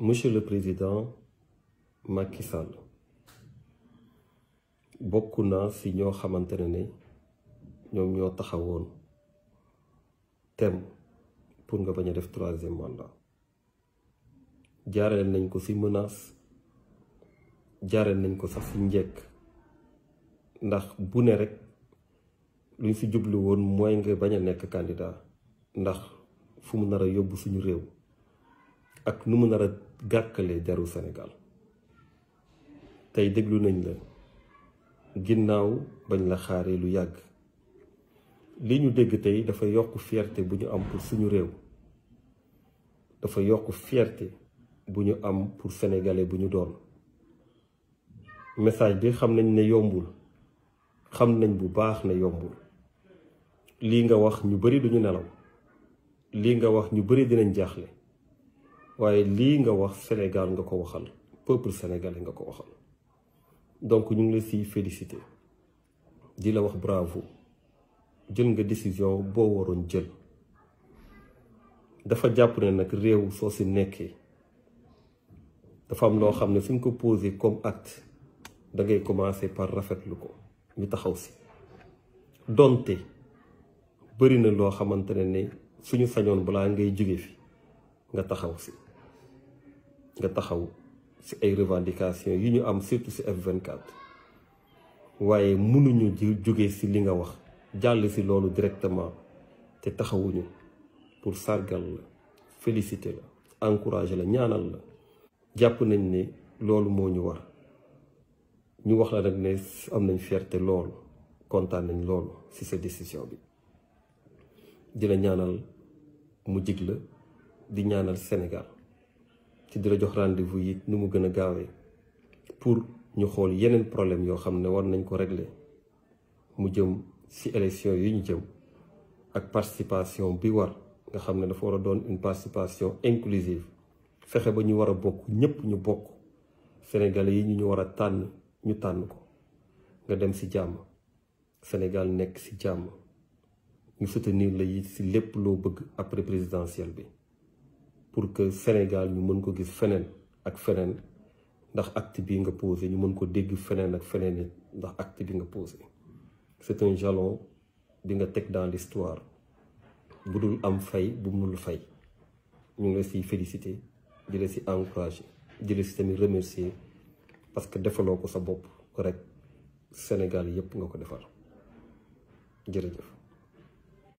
monsieur le président Macky Sall bokk naa ci ñoo xamante ne ne ñoom ñoo taxawoon tem pour nga bañ a def troisième mandat jaareel nañ ko ci menace jaareel nañ ko sax ci njekk ndax bu ne rek luñ ci jublu woon mooy nga bañ a nekk candidat ndax fumu mu nar a yóbbu suñu réew ak nu mu nar a gàkkalee jaru Sénégal tey déglu nañ la ginnaaw bañ la xaaree lu yàgg lii ñu dégg tey dafa yokk fierté bu ñu am pour suñu réew dafa yokk fierte bu ñu am pour sénégalais bu ñu doon message bi xam nañ ne yombul xam nañ bu baax ne yombul lii nga wax ñu bari duñu nelaw lii nga wax ñu bari dinañ jaaxle waaye lii nga wax Sénégal nga ko waxal peuple sénégalais nga ko waxal donc ñu ngi la si félicité di la wax bravo jël nga décision boo waroon jël dafa jàpp ne nag réew soo si nekkee dafa am loo xam ne suñ ko posé comme acte dangay commencé commencer par rafetlu ko ñu taxaw si donte bëri na loo xamante ne ne suñu sañoon balaa ngay jóge fi nga taxaw si nga taxaw ci ay revendications yu ñu am surtout ci F24 waaye mënuñu jóge ci li nga wax jàll ci loolu directement te taxawuñu pour sargal la félicité la encourager la ñaanal jàpp nañ ni loolu moo ñu war ñu wax la nag ne am nañ fierté lool kontaan nañ loolu ci sa décision bi di ñaanal mu jig la di ñaanal Sénégal ci di la jox rendez-vous yi nu mu gën a gaawee pour ñu xool yeneen problème yoo xam ne war nañ ko régler mu jëm ci élection yi ñu jëm ak participation bi war nga xam ne dafa war a doon une participation inclusive fexe ba ñu war a bokk ñépp ñu bokk Sénégalais yi ñu ñu war a tànn ñu tànn ko nga dem ci jàmm Sénégal nekk ci jàmm ñu soutenir la yi ci lépp loo bëgg après présidentielle bi pour que le Sénégal ñu mëne ko gis fenen ak fenen ndax acte bi nga poser ñu mëne ko dégg fenen ak fenen ndax acte bi nga poser c'est un jalon bi nga tek dans l'histoire bu dul am fay bu mënul fay ñu ngi ci féliciter di la ci encouragé di la ci tamit remercier parce que défaloko sa bop rek Sénégal yépp nga ko defal jërëjëf